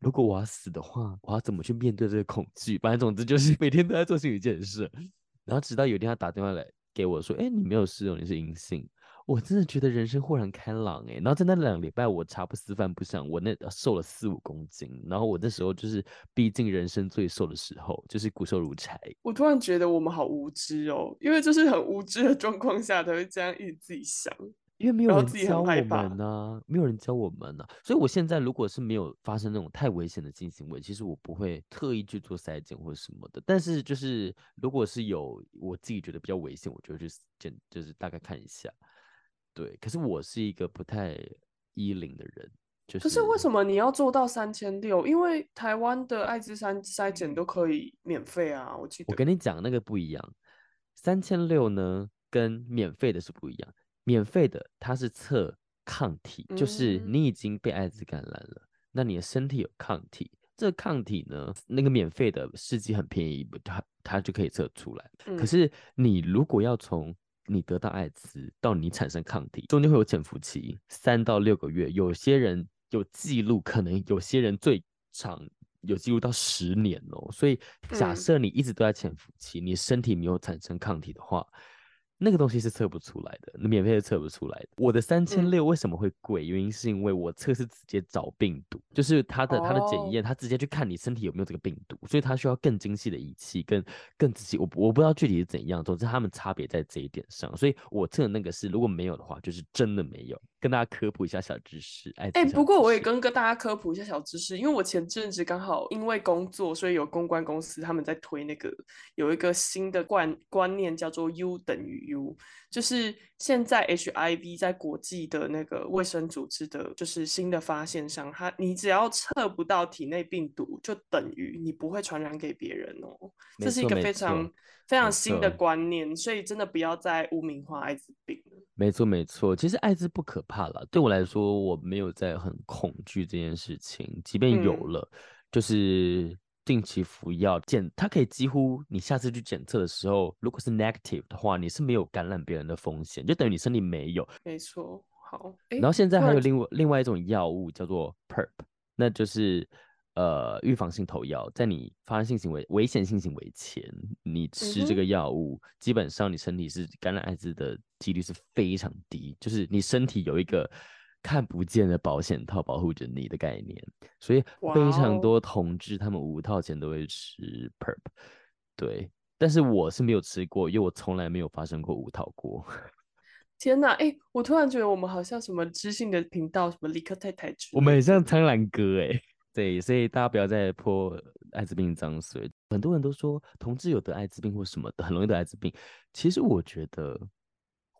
如果我要死的話，我要怎麼去面對這個恐懼？反正總之就是每天都在做同一件事，然後直到有一天他打電話來給我說，哎、欸，你沒有事哦，你是陰性。我真的覺得人生豁然開朗欸！然後在那兩個禮拜，我茶不思飯不想，我那瘦了四五公斤。然後我那時候就是，畢竟人生最瘦的時候，就是骨瘦如柴。我突然覺得我們好無知哦，因為就是很無知的狀況下，才會這樣一直自己想，因為沒有人教我們呢，沒有人教我們呢。所以我現在如果是沒有發生那種太危險的性行為，其實我不會特意去做篩檢或者什麼的。但是就是，如果是有我自己覺得比較危險，我就去檢，就是大概看一下。對，可是我是一個不太一零的人，就是。可是為什麼你要做到三千六？因為台灣的艾滋三篩檢都可以免費啊，我記得。我跟你講，那個不一樣。三千六呢，跟免費的是不一樣。免費的它是測抗體，就是你已經被艾滋感染了、嗯，那你的身體有抗體，這個抗體呢，那個免費的試劑很便宜，它它就可以測出來。嗯、可是你如果要從你得到艾滋到你產生抗體，中間會有潛伏期，三到六個月。有些人有記錄，可能有些人最長有記錄到十年哦。所以，假設你一直都在潛伏期，嗯，你身體沒有產生抗體的話。那個東西是測不出來的，免費是測不出來的。我的三千六為什麼會貴？嗯。原因是因為我測是直接找病毒，就是它的它的檢驗，Oh. 它直接去看你身體有沒有這個病毒，所以它需要更精細的儀器，更更仔細。我我不知道具體是怎樣，總之他們差別在這一點上。所以我測的那個是，如果沒有的話，就是真的沒有。跟大家科普一下小知識。哎哎、欸，不過我也跟跟大家科普一下小知識，因為我前陣子剛好因為工作，所以有公關公司他們在推那個有一個新的觀觀念，叫做 U 等於。就是現在 HIV 在國際的那個衛生組織的，就是新的發現上，它，你只要測不到體內病毒，就等於你不會傳染給別人哦。這是一個非常非常新的觀念，所以真的不要再污名化艾滋病了沒。沒錯沒錯，其實艾滋不可怕了。對我來說，我沒有在很恐懼這件事情，即便有了，嗯，就是。定期服藥檢，它可以幾乎你下次去檢測的時候，如果是 negative 的話，你是沒有感染別人的風險，就等於你身體沒有。沒錯，好。然後現在還有另外、欸、另外一種藥物叫做 PrEP，那就是呃預防性投藥，在你發生性行為危險性行為前，你吃這個藥物、嗯，基本上你身體是感染艾滋的幾率是非常低，就是你身體有一個。嗯看不見的保險套保護着你的概念，所以非常多同志他們無套前都會吃 PrEP，對，但是我是沒有吃過，因為我從來沒有發生過無套過。天哪、啊，哎、欸，我突然覺得我們好像什麼知性的頻道，什麼理科太太，我們很像蒼藍鴿哎、欸，對，所以大家不要再潑艾滋病髒水。很多人都說同志有得艾滋病或什麼的，很容易得艾滋病。其實我覺得。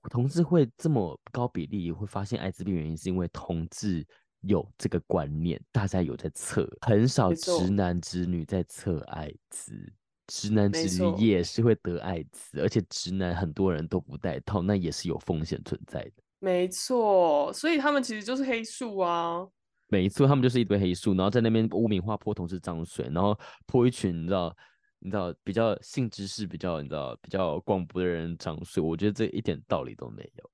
同志會這麼高比例，會發現艾滋病，原因是因為同志有這個觀念，大家有在測，很少直男直女在測艾滋，直男直女也是會得艾滋，而且直男很多人都不帶套，那也是有風險存在的。沒錯，所以他們其實就是黑數啊。沒錯，他們就是一堆黑數，然後在那邊汙名化潑同志髒水，然後潑一群，你知道。你知道比較性知識比較你知道比較廣博的人長睡，我覺得這一點道理都沒有。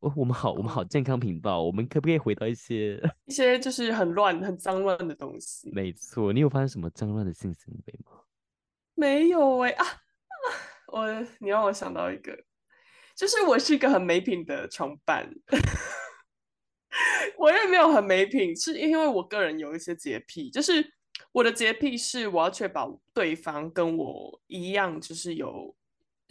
哦，我們好，我們好，健康頻道，我們可不可以回到一些一些就是很亂很髒亂的東西？沒錯，你有發現什麼髒亂的性行為嗎？沒有喂、欸。啊，我你讓我想到一個，就是我是一個很沒品的床伴， 我也沒有很沒品，是因為我個人有一些潔癖，就是。我的潔癖是我要確保對方跟我一樣，就是有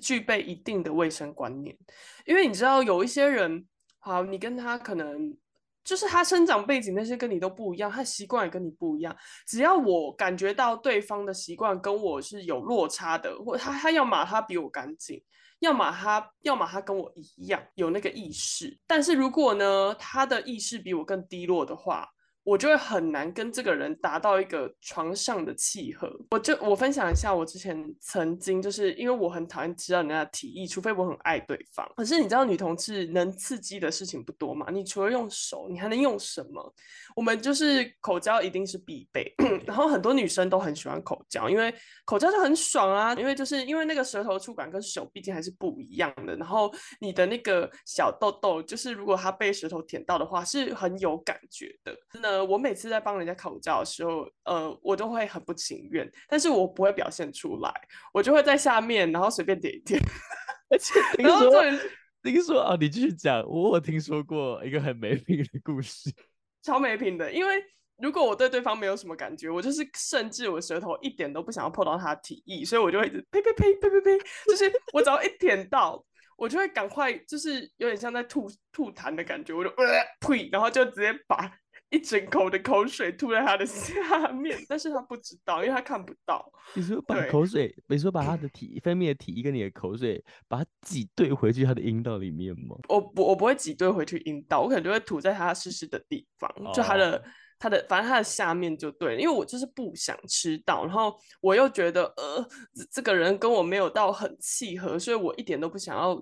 具備一定的衛生觀念。因為你知道有一些人，好，你跟他可能就是他生長背景那些跟你都不一樣，他習慣也跟你不一樣。只要我感覺到對方的習慣跟我是有落差的，或他他要嘛他比我乾淨，要嘛他要嘛他跟我一樣有那個意識。但是如果呢，他的意識比我更低落的話。我就會很難跟這個人達到一個床上的契合。我就我分享一下，我之前曾經就是因為我很討厭知道人家的提議，除非我很愛對方。可是你知道女同志能刺激的事情不多嘛？你除了用手，你還能用什麼？我們就是口交一定是必備。 然後很多女生都很喜歡口交，因為口交就很爽啊。因為就是因為那個舌頭觸感跟手畢竟還是不一樣的。然後你的那個小痘痘，就是如果它被舌頭舔到的話，是很有感覺的，真的。呃，我每次在幫人家口交的時候，呃，我都會很不情願，但是我不會表現出來，我就會在下面，然後隨便點一點。 而且，然後，後，聽說，聽說啊，你繼續講，我我聽說過一個很沒品的故事，超沒品的，因為如果我對對方沒有什麼感覺，我就是甚至我舌頭一點都不想要碰到他的體液，所以我就會一直呸呸呸呸呸，呸呸，就是我只要一舔到， 我就會趕快，就是有點像在吐吐痰的感覺，我就、呃、呸，然後就直接把。一整口的口水吐在他的下面， 但是他不知道，因為他看不到。你說把口水，你說把他的體 分泌的體液跟你的口水，把它擠兌回去他的陰道裡面嗎？我不，我不會擠兌回去陰道，我可能就會吐在他濕濕的地方，就他的、哦、他的，反正他的下面就對了，因為我就是不想吃到，然後我又覺得呃，這這個人跟我沒有到很契合，所以我一點都不想要。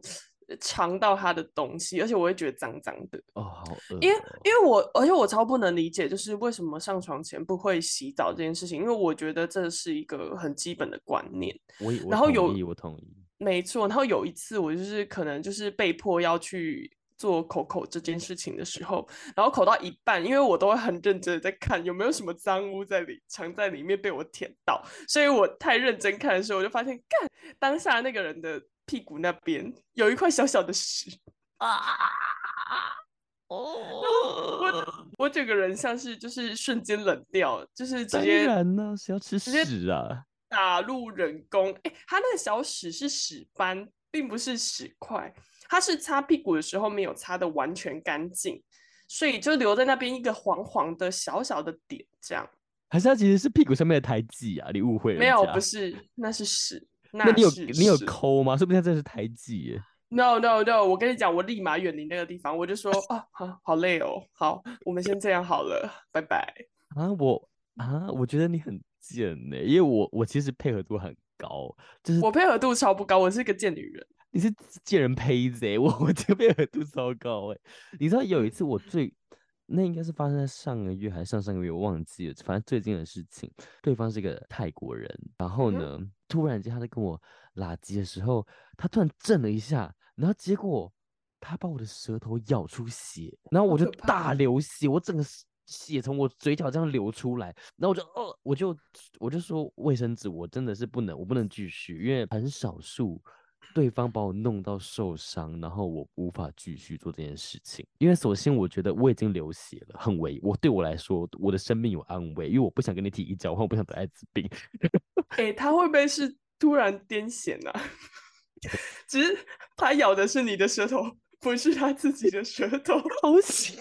嚐到他的東西，而且我會覺得髒髒的。哦，好，因為因為我，而且我超不能理解，就是為什麼上床前不會洗澡這件事情，因為我覺得這是一個很基本的觀念。我我同意，然後有，我同意，我同意。沒錯，然後有一次我就是可能就是被迫要去做口口這件事情的時候，然後口到一半，因為我都會很認真的在看有沒有什麼髒污在裡藏在裡面被我舔到，所以我太認真看的時候，我就發現，幹當下那個人的。屁股那邊有一塊小小的屎啊 ！我我整個人像是就是瞬間冷掉，就是直接呢，誰要吃屎啊？打入人工，哎、欸，他那個小屎是屎斑，並不是屎塊，他是擦屁股的時候沒有擦得完全乾淨，所以就留在那邊一個黃黃的小小的點，這樣還是他其實是屁股上面的胎記啊？你誤會了，沒有，不是，那是屎。那你有那是是你有摳嗎？說不定真是胎記？No, no, no，我跟你講，我立馬遠離那個地方。我就說啊，好，啊，好累哦。好，我們先這樣好了， 拜拜。啊，我啊，我覺得你很賤呢，因為我我其實配合度很高，就是我配合度超不高，我是個賤女人。你是賤人胚子，我我這配合度超高。你知道有一次我最， 那應該是發生在上個月還是上上個月，我忘記了。反正最近的事情，對方是一個泰國人，然後呢。嗯突然間，他在跟我喇舌的時候，他突然震了一下，然後結果他把我的舌頭咬出血，然後我就大流血，我整個血從我嘴角這樣流出來，然後我就，哦、我就，我就說衛生紙，我真的是不能，我不能繼續，因為很少數。對方把我弄到受傷，然後我無法繼續做這件事情，因為首先我覺得我已經流血了，很危。我對我來說，我的生命有安慰，因為我不想跟你提一換，我不想得艾滋病。哎、 欸，他會不會是突然癲癇啊？ 只是他咬的是你的舌頭，不是他自己的舌頭， 好險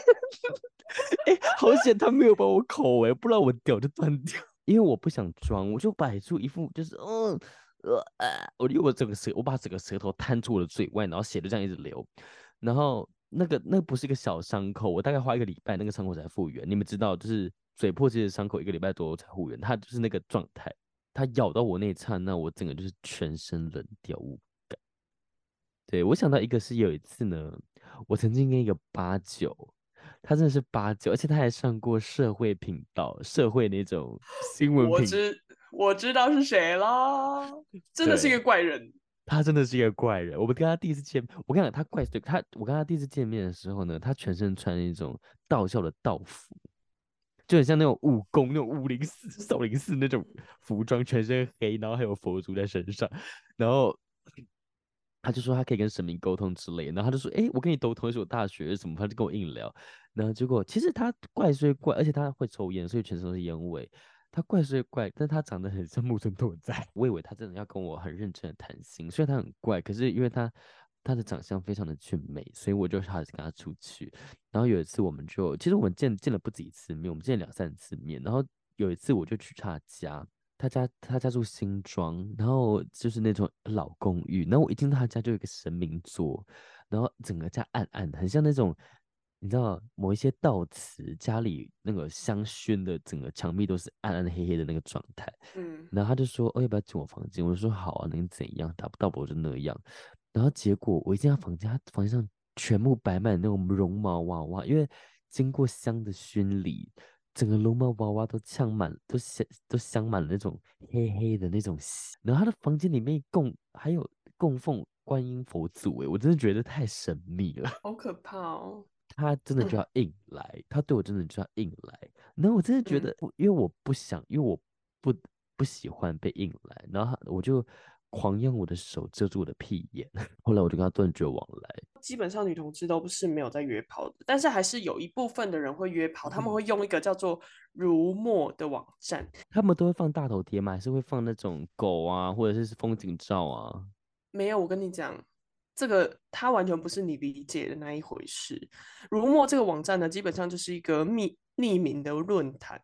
！哎、欸，好險，他沒有把我口哎、欸，不然我屌就斷掉。因為我不想裝，我就擺出一副就是嗯。我呃，我因為我整個舌，我把整個舌頭探出我的嘴外，然後血就這樣一直流。然後那個那個、不是一個小傷口，我大概花一個禮拜，那個傷口才復原。你們知道，就是嘴破這些傷口，一個禮拜多，多才復原。它就是那個狀態。它咬到我那一剎那，那我整個就是全身冷掉，無感。對我想到一個，是有一次呢，我曾經跟一個八九，他真的是八九，而且他還上過社會頻道，社會那種新聞頻道。我知道是誰了，真的是一個怪人。他真的是一個怪人。我們跟他第一次見面，我跟你講，他怪誰？他我跟他第一次見面的時候呢，他全身穿一種道教的道服，就很像那種武功，那種武林寺、少林寺那種服裝，全身黑，然後還有佛珠在身上。然後他就說他可以跟神明溝通之類的。然後他就說，哎，我跟你讀同一所大學，什麼他就跟我硬聊。然後結果其實他怪雖怪，而且他會抽菸，所以全身都是菸味。他怪是怪，但他長得很像木村拓哉。我以為他真的要跟我很認真的談心，雖然他很怪，可是因為他，他的長相非常的俊美，所以我就還是跟他出去。然後有一次我們就，其實我們見見了不止一次面，我們見了兩三次面。然後有一次我就去他家，他家，他家住新莊，然後就是那種老公寓。然後我一進他家，就有一個神明座，然後整個家暗暗的，很像那種。你知道嗎，某一些陶瓷，家裡那個香薰的，整個牆壁都是暗暗黑黑的那個狀態，嗯，然後他就說：“哦，要不要進我房間？”我就說：“好啊，能怎樣？大不了大不了我就那樣。”然後結果我一進他房間，他房間上全部擺滿那種絨毛娃娃，因為經過香的熏禮，整個絨毛娃娃都嗆滿，都香都香滿了那種黑黑的那種。然後他的房間裡面供還有供奉觀音佛祖，誒，我真的覺得太神秘了，好可怕哦！他真的就要硬來，嗯，他對我真的就要硬來，然後我真的覺得，因為我不想，嗯、因為我不不喜歡被硬來，然後我就狂用我的手遮住我的屁眼，後來我就跟他斷絕往來。基本上女同志都不是沒有在約炮的，但是還是有一部分的人會約炮，嗯，他們會用一個叫做如墨的網站，他們都會放大頭貼嗎？還是會放那種狗啊，或者是風景照啊。沒有，我跟你講。這個它，完全不是你理解的那一回事。如墨這個網站呢，基本上就是一個匿匿名的論壇，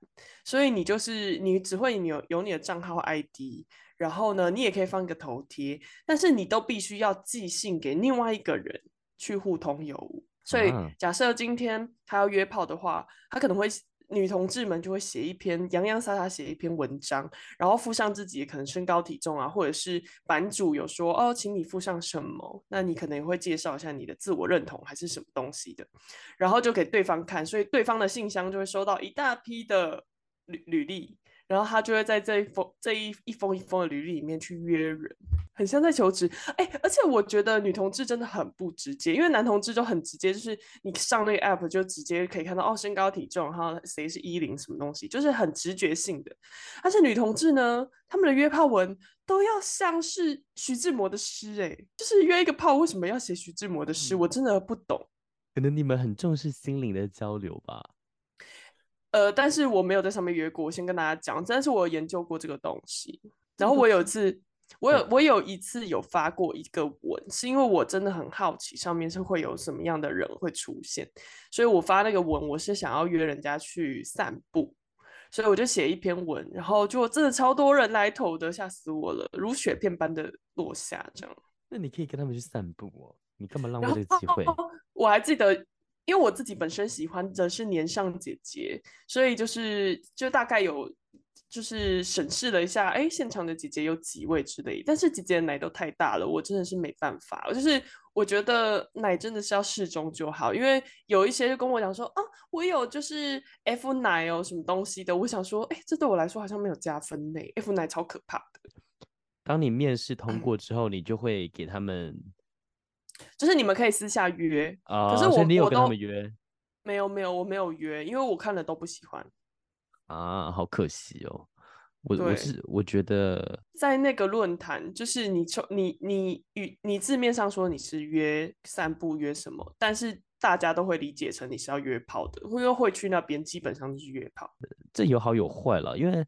所以你就是你只會你有有你的賬號 ID，然後呢，你也可以放一個頭貼，但是你都必須要寄信給另外一個人去互通有無。所以假設今天他要約炮的話，他可能會。女同志們就會寫一篇洋洋灑灑寫一篇文章，然後附上自己可能身高體重啊，或者是版主有說哦，請你附上什麼，那你可能也會介紹一下你的自我認同還是什麼東西的，然後就給對方看，所以對方的信箱就會收到一大批的履履歷。然後他就會在這一封這一一封一封的履歷裡面去約人，很像在求職。哎，而且我覺得女同志真的很不直接，因為男同志就很直接，就是你上那個 app 就直接可以看到哦，身高體重，然後誰是一零什麼東西，就是很直覺性的。但是女同志呢，她們的約炮文都要像是徐志摩的詩，誒，就是約一個炮為什麼要寫徐志摩的詩？我真的不懂。可能你們很重視心靈的交流吧。呃，但是我沒有在上面約過，我先跟大家講。但是，我有研究過這個東西。然後，我有一次，我有，我有一次有發過一個文，嗯、是因為我真的很好奇，上面是會有什麼樣的人會出現，所以我發那個文，我是想要約人家去散步，所以我就寫一篇文，然後就真的超多人來投的，嚇死我了，如雪片般的落下，這樣。那你可以跟他們去散步啊。哦，你幹嘛浪費這個機會？我還記得。因為我自己本身喜歡的是年上姐姐，所以就是就大概有就是審視了一下，欸，現場的姐姐有幾位之類，但是姐姐的奶都太大了，我真的是沒辦法，就是我覺得奶真的是要適中就好，因為有一些就跟我講說啊，我有就是 F 奶喔，什麼東西的，我想說，欸，這對我來說好像沒有加分欸，F 奶超可怕的。當你面試通過之後， 你就會給他們。就是你們可以私下約，oh, 可是我我約。我沒有沒有我沒有約，因為我看了都不喜歡啊，好可惜哦。我我是我覺得在那個論壇，就是你從你你與你,你字面上說你是約散步約什麼，但是大家都會理解成你是要約炮的，因為會去那邊基本上就是約炮。這有好有壞了，因為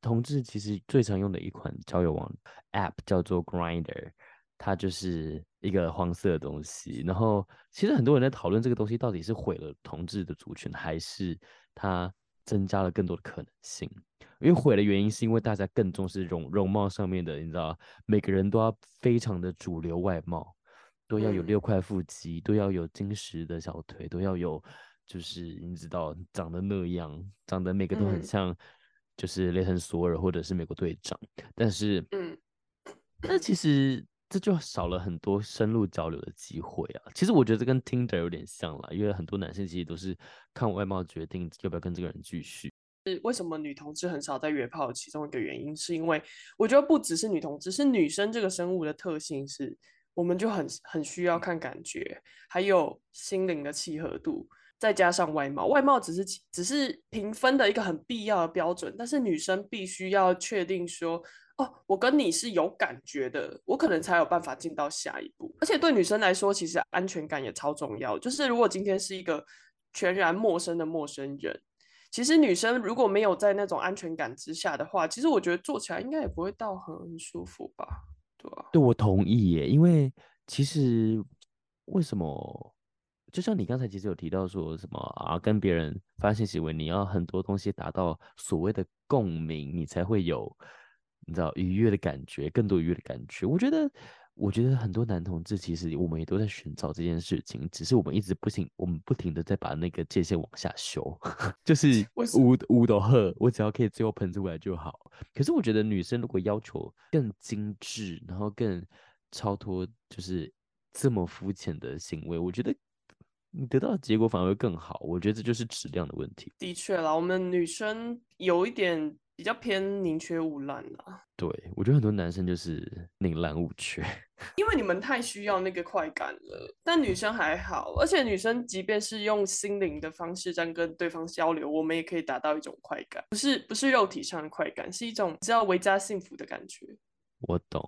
同志其實最常用的一款交友網 app 叫做 Grinder，它就是。一個黃色的東西，然後其實很多人在討論這個東西到底是毀了同志的族群，還是它增加了更多的可能性？因為毀的原因是因為大家更重視容容貌上面的，你知道，每個人都要非常的主流外貌，都要有六塊腹肌，都要有結實的小腿，都要有，就是你知道長得那樣，長得每個都很像，就是雷神索爾或者是美國隊長，但是，嗯，那其實。這就少了很多深入交流的機會啊！其實我覺得這跟 Tinder 有點像啦，因為很多男生其實都是看外貌決定要不要跟這個人繼續。是為什麼女同志很少在約炮的其中一個原因是因為我覺得不只是女同志，是女生這個生物的特性是，我們就很很需要看感覺，還有心靈的契合度，再加上外貌，外貌只是只是評分的一個很必要的標準，但是女生必須要確定說。哦，我跟你是有感覺的，我可能才有辦法進到下一步。而且對女生來說，其實安全感也超重要。就是如果今天是一個全然陌生的陌生人，其實女生如果沒有在那種安全感之下的話，其實我覺得做起來應該也不會到很舒服吧？對吧、啊？對，我同意耶。因為其實為什麼？就像你剛才其實有提到說什麼啊，跟別人發信息，問你要很多東西達到所謂的共鳴，你才會有。你知道愉悅的感覺，更多愉悅的感覺。我覺得，我覺得很多男同志其實我們也都在尋找這件事情，只是我們一直不停，我們不停的在把那個界限往下修， 就是，我，是我只要可以最後噴出來就好。可是我覺得女生如果要求更精緻，然後更超脫，就是這麼膚淺的行為，我覺得你得到的結果反而會更好。我覺得這就是質量的問題。的確啦，我們女生有一點。比較偏寧缺毋濫啦。對，我覺得很多男生就是寧濫勿缺， 因為你們太需要那個快感了。但女生還好，而且女生即便是用心靈的方式這樣跟對方交流，我們也可以達到一種快感，不是，不是肉體上的快感，是一種只要維家幸福的感覺。我懂，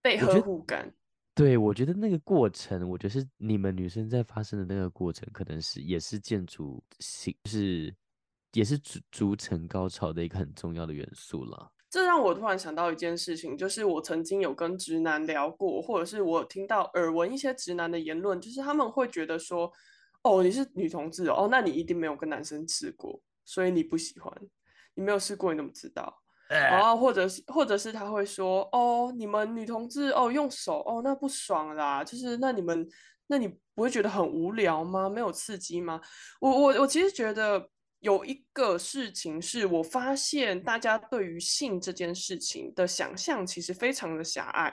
被呵護感。我對我覺得那個過程，我覺得是你們女生在發生的那個過程，可能是也是建築性，是。也是逐逐層高潮的一個很重要的元素啦。這讓我突然想到一件事情，就是我曾經有跟直男聊過，或者是我聽到耳聞一些直男的言論，就是他們會覺得說，哦，你是女同志哦，那你一定沒有跟男生吃過，所以你不喜歡，你沒有試過你怎麼知道？然後或者是或者是他會說，哦，你們女同志哦，用手哦，那不爽啦，就是那你們那你不會覺得很無聊嗎？沒有刺激嗎？我我我其實覺得。有一個事情是我發現，大家對於性這件事情的想象其實非常的狹隘。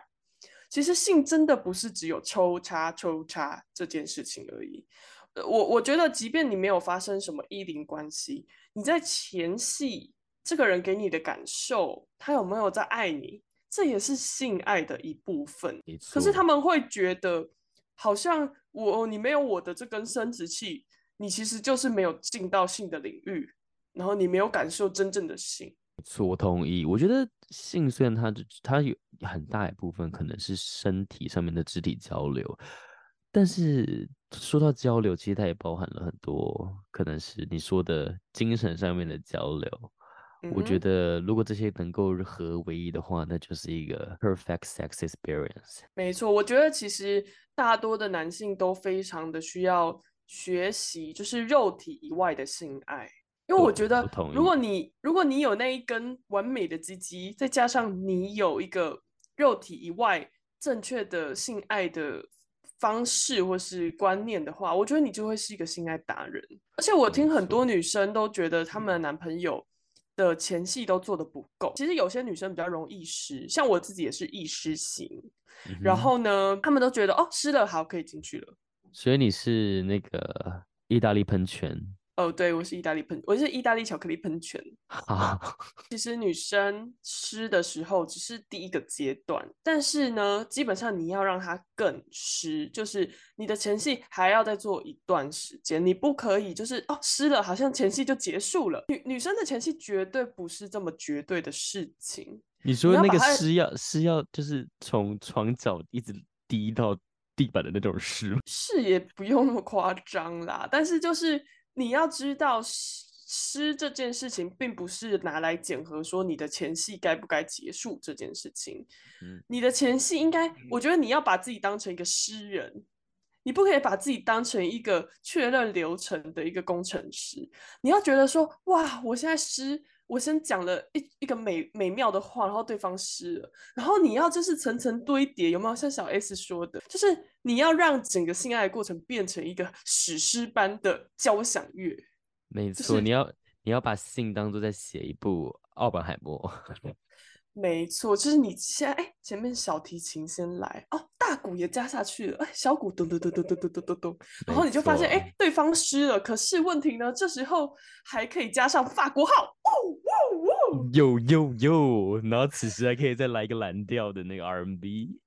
其實性真的不是只有抽插抽插這件事情而已。我我覺得，即便你沒有發生什麼一零關係，你在前戲，這個人給你的感受，他有沒有在愛你，這也是性愛的一部分。可是他們會覺得，好像我你沒有我的這根生殖器。你其實就是沒有進到性的領域，然後你沒有感受真正的性。所以我同意。我覺得性雖然它它有很大一部分可能是身體上面的肢體交流，但是說到交流，其實它也包含了很多，可能是你說的精神上面的交流。嗯，我覺得如果這些能夠合為一的話，那就是一個 perfect sex experience。沒錯，我覺得其實大多的男性都非常的需要。學習就是肉體以外的性愛，因為我覺得如果你，如果你，如果你有那一根完美的雞雞，再加上你有一個肉體以外正確的性愛的方式或是觀念的話，我覺得你就會是一個性愛達人。而且我聽很多女生都覺得她們男朋友的前戲都做得不夠。其實有些女生比較容易濕，像我自己也是易濕型、嗯。然後呢，她們都覺得哦，濕了好，可以進去了。所以你是那個意大利噴泉哦，oh, 對，我是意大利噴，我是意大利巧克力噴泉。Oh. 其實女生濕的時候只是第一個階段，但是呢，基本上你要讓它更濕，就是你的前戲還要再做一段時間。你不可以就是哦濕了，好像前戲就結束了。女女生的前戲絕對不是這麼絕對的事情。你說你那個濕要濕要就是從床角一直滴到。地板的那種濕濕也不用那麼誇張啦，但是就是你要知道濕這件事情，並不是拿來檢核說你的前戲該不該結束這件事情。嗯、你的前戲應該，我覺得你要把自己當成一個詩人，你不可以把自己當成一個確認流程的一個工程師。你要覺得說，哇，我現在濕。我先講了一一個美美妙的話，然後對方濕了，然後你要就是層層堆疊，有沒有像小 S 說的，就是你要讓整個性愛過程變成一個史詩般的交響樂？沒錯，就是，你要你要把性當作在寫一部奧本海默。 沒錯，就是你先，在、欸、哎，前面小提琴先來哦，大鼓也加下去了，哎、欸，小鼓咚咚咚咚咚咚咚咚咚，然後你就發現哎、欸，對方濕了。可是問題呢，這時候還可以加上法國號，哦哦哦，哦哦、yo, yo, yo, 然後此時還可以再來一個藍調的那個 R&B，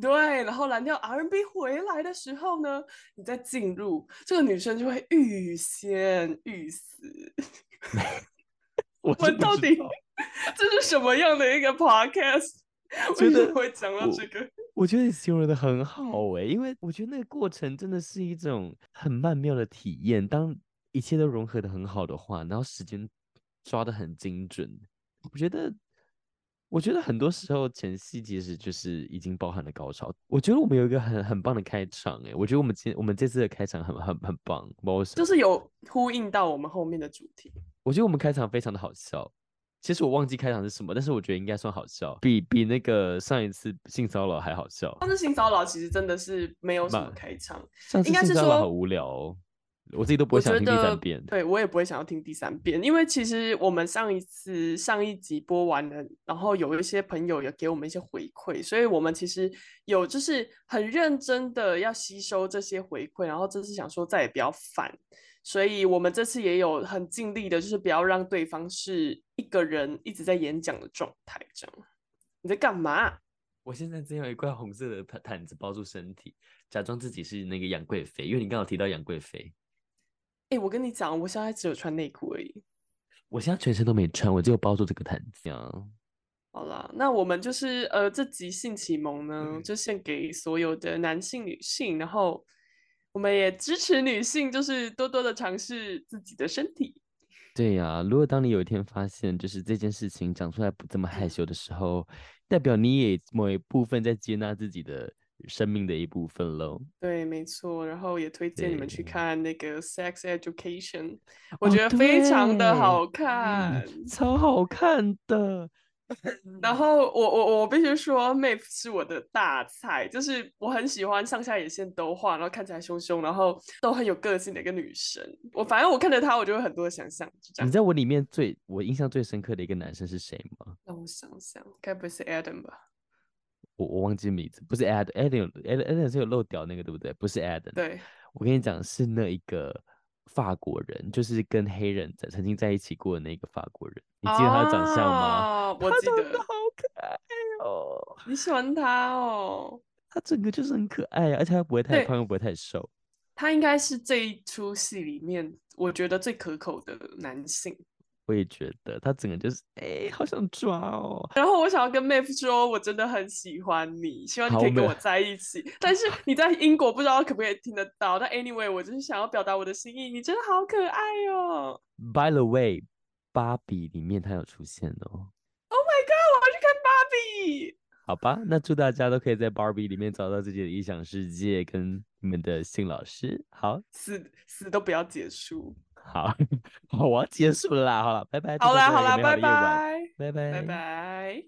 對，然後藍調 R&B 回來的時候呢，你再進入，這個女生就會欲仙欲死。 我，我到底這是什麼樣的一個 podcast？我真的會講到這個。我，我覺得你形容的很好哎、欸，因為我覺得那個過程真的是一種很曼妙的體驗。當一切都融合的很好的話，然後時間抓的很精準，我覺得，我覺得很多時候前戲其實就是已經包含了高潮。我覺得我們有一個很很棒的開場哎、欸，我覺得我們今我們這次的開場很很很棒，包括就是有呼應到我們後面的主題。我覺得我們開場非常的好笑，其實我忘記開場是什麼，但是我覺得應該算好笑，比比那個上一次性騷擾還好笑。但是性騷擾其實真的是沒有什麼開場，上次性騷擾好無聊哦，我自己都不會想聽第三遍。我，對，我也不會想要聽第三遍，因為其實我們上一次上一集播完了，然後有一些朋友也給我們一些回饋，所以我們其實有就是很認真的要吸收這些回饋，然後就是想說再也不要犯。所以，我們這次也有很盡力的，就是不要讓對方是一個人一直在演講的狀態。這樣你在幹嘛？我現在只有一塊紅色的毯子，包住身體，假裝自己是那個楊貴妃，因為你剛好提到楊貴妃。哎，我跟你講，我現在只有穿內褲而已。我現在全身都沒穿，我只有包住這個毯子啊。好了，那我們就是呃，這集性啟蒙呢，嗯、就獻給所有的男性、女性，然後，我們也支持女性，就是多多的嘗試自己的身體。對呀、啊，如果當你有一天發現，就是這件事情講出來不這麼害羞的時候、嗯，代表你也某一部分在接納自己的生命的一部分嘍。對，沒錯。然後也推薦你們去看那個《Sex Education》，我覺得非常的好看，哦嗯、超好看的。 然後我我我必須說 Maeve 是我的大菜，就是我很喜歡上下眼線都畫，然後看起來兇兇，然後都很有個性的一個女生。我反正我看着她，我就會很多想象。你知道我裡面最我印象最深刻的一個男生是誰嗎？讓我想想，該不是 Adam 吧？我我忘記名字，不是 Adam, Adam。Adam，Adam 是有漏屌那個對不對？不是 Adam。對，我跟你講，是那一個。法國人就是跟黑人在曾經在一起過的那個法國人，你記得他的長相嗎？啊、我記得。他真的好可愛哦。你喜歡他哦？他整個就是很可愛呀、啊，而且他不會太胖，又不會太瘦。他應該是這一出戲裡面我覺得最可口的男性。我也覺得他整個就是哎、欸，好想抓哦。然後我想要跟妹夫說，我真的很喜歡你，希望你可以跟我在一起。但是你在英國不知道可不可以聽得到。 但 anyway，我就是想要表達我的心意。你真的好可愛哦。By the way，芭比裡面他有出現哦。Oh my god，我要去看芭比。好吧，那祝大家都可以在芭比裡面找到自己的理想世界，跟你們的辛老師。好，死死都不要結束。好好，我要結束了好了，拜拜。好啦，好啦，好，拜拜，拜拜，拜拜。拜拜。